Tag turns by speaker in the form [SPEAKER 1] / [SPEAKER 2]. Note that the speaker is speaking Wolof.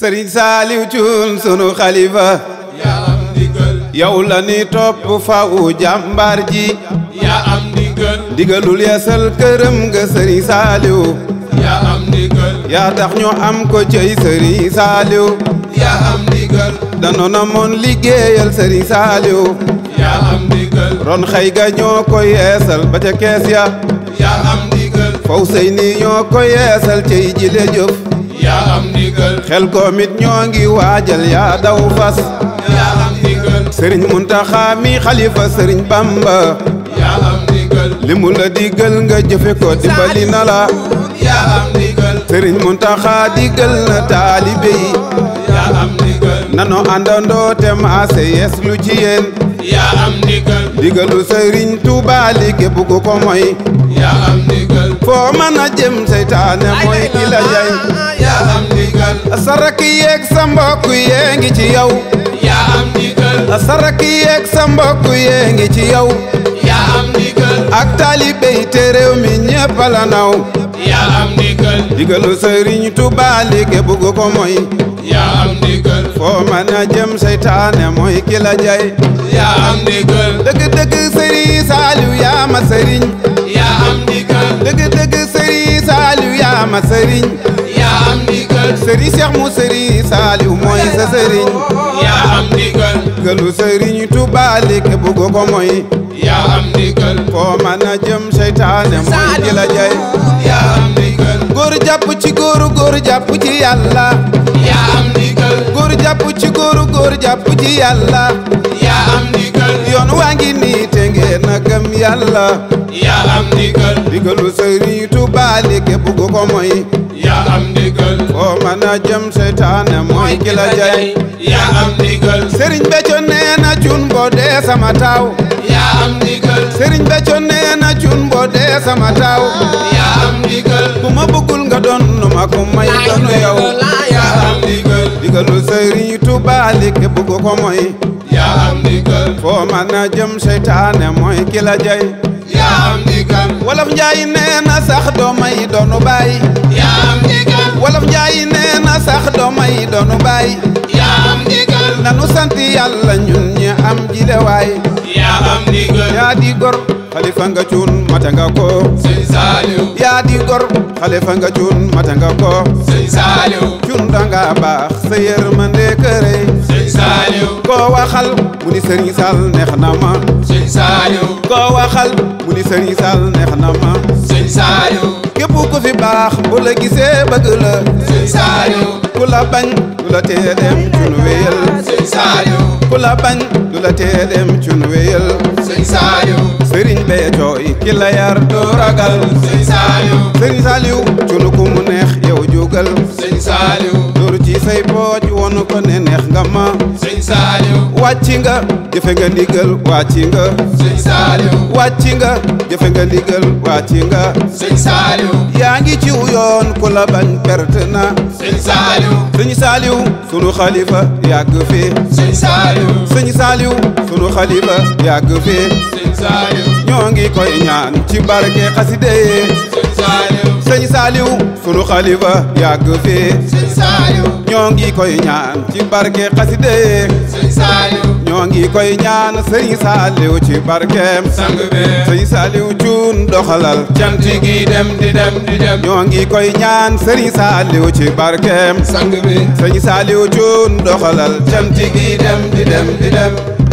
[SPEAKER 1] sëriñ saaliw cuun sunu xalifa yaa am ndigal yow la ni topp fawu jàmbaar ji yaa am ndigal ndigalul yasal këram nga sëriñ saaliw yaa am ndigal yaa tax ñu am ko cëy sëriñ saaliw yaa am ndigal dano moon liggéeyal sëriñ saaliw yaa am ndigal ron xëy ga ñoo ko yeesal ba ca kees ya yaa am ndigal faw sëy ni ñoo ko yeesal cëy ji le xel koomit ñoo ngi waajal yaa daw fas sëriñ muntaxa mi xalifa sëriñ bamba yaa la digal nga jëfe ko dimbali na la sëriñ muntaxa digal na taalibe yi nanu àndandoo te maase yees lu ci yéen yaa sëriñ Tuubaa li ko moy foo mën a jëm seytaane mooy ki la jay sarak yeeg sa mbokk yee ngi ci yow yaa am ndigal sarak yeeg sa mbokk yee ngi ci yow yaa am ndigal ak taalibe te réew mi ñépp la naw yaa am ndigal ndigalu sëriñ Tuubaa liggéey bugg yaa am ndigal foo mën a jëm seytaane mooy ki jay yaa am ndigal dëgg dëgg sëriñ Saaliw yaa ma sëriñ yaa am ndigal dëgg sëriñ Cheikh mu sëriñ Saliou mooy sa sëriñ. yaa yaa am ndigal. foo mën a jëm seytaane mooy la jay. yaa am ci góor góor jàpp ci yàlla. yaa am ndigal. góor jàpp ci góor góor jàpp ci yoon waa ngi nii te ngeen gëm yàlla. yaa am ndigal. digalu sëriñ Tuubaa liggéey bu ko ko mën a jëm seytaane mooy ki la jay yaa am ndigal sëriñ Béthio nee na cun boo dee sama taaw yaa am ndigal sëriñ Béthio nee na cun boo dee sama taaw yaa am ndigal ku ma bëggul nga doon nu ma ko may doonu yow yaa am ndigal ndigalu sëriñ Tuuba li ke bëgg ko mooy yaa am ndigal foo mën a jëm seytaane mooy ki la jay yaa am ndigal wolof njaay nee na sax doo may doonu bàyyi sax doomay doonu baay yaa am ndigal nanu sant yàlla ñun ñi am jilewaay yaa am ndigal yaa di gor xalifa nga cuun mata nga ko sëñ yaa di gor xalifa nga cuun mata nga ko sëñ cuun danga baax sa yërmande këre sëñ Saaliw waxal mu ni sëriñ Sall neex na ma sëñ Saaliw waxal mu ni sëriñ Sall neex na ma sëñ Saaliw képp ku fi baax bu la bëgg la la bañ du la tee dem cun wéyal sëñ Saliou ku la bañ du la tee dem cun wéyal sëñ Saliou sëriñ bee jooy ki la yar doo sëñ Saliou sëriñ Saliou cun ku mu neex yow jógal sëñ Saliou dóor ci say pooj wonu ko neex nga wàcc nga jëfe nga ndigal wàcc nga sëñ Saaliw wàcc yaa ngi ci yoon ku la bañ perte na sëñ Saaliw sëñ Saaliw sunu xalifa yàgg fi sëñ Saaliw sëñ Saaliw sunu xalifa yàgg fi sëñ Saaliw ñoo ngi koy ñaan ci barke xaside sëñ Saaliw sunu xalifa yàgg fi sëñ Saaliw ñoo ngi koy ñaan ci barke xaside Saliou ñoo ngi koy ñaan sëriñ Saliou ci barkeem sang be sëriñ Saliou cuun doxalal cant gi dem di dem di dem ñoo koy ñaan sëriñ Saliou ci barkeem sang be sëriñ Saliou cuun doxalal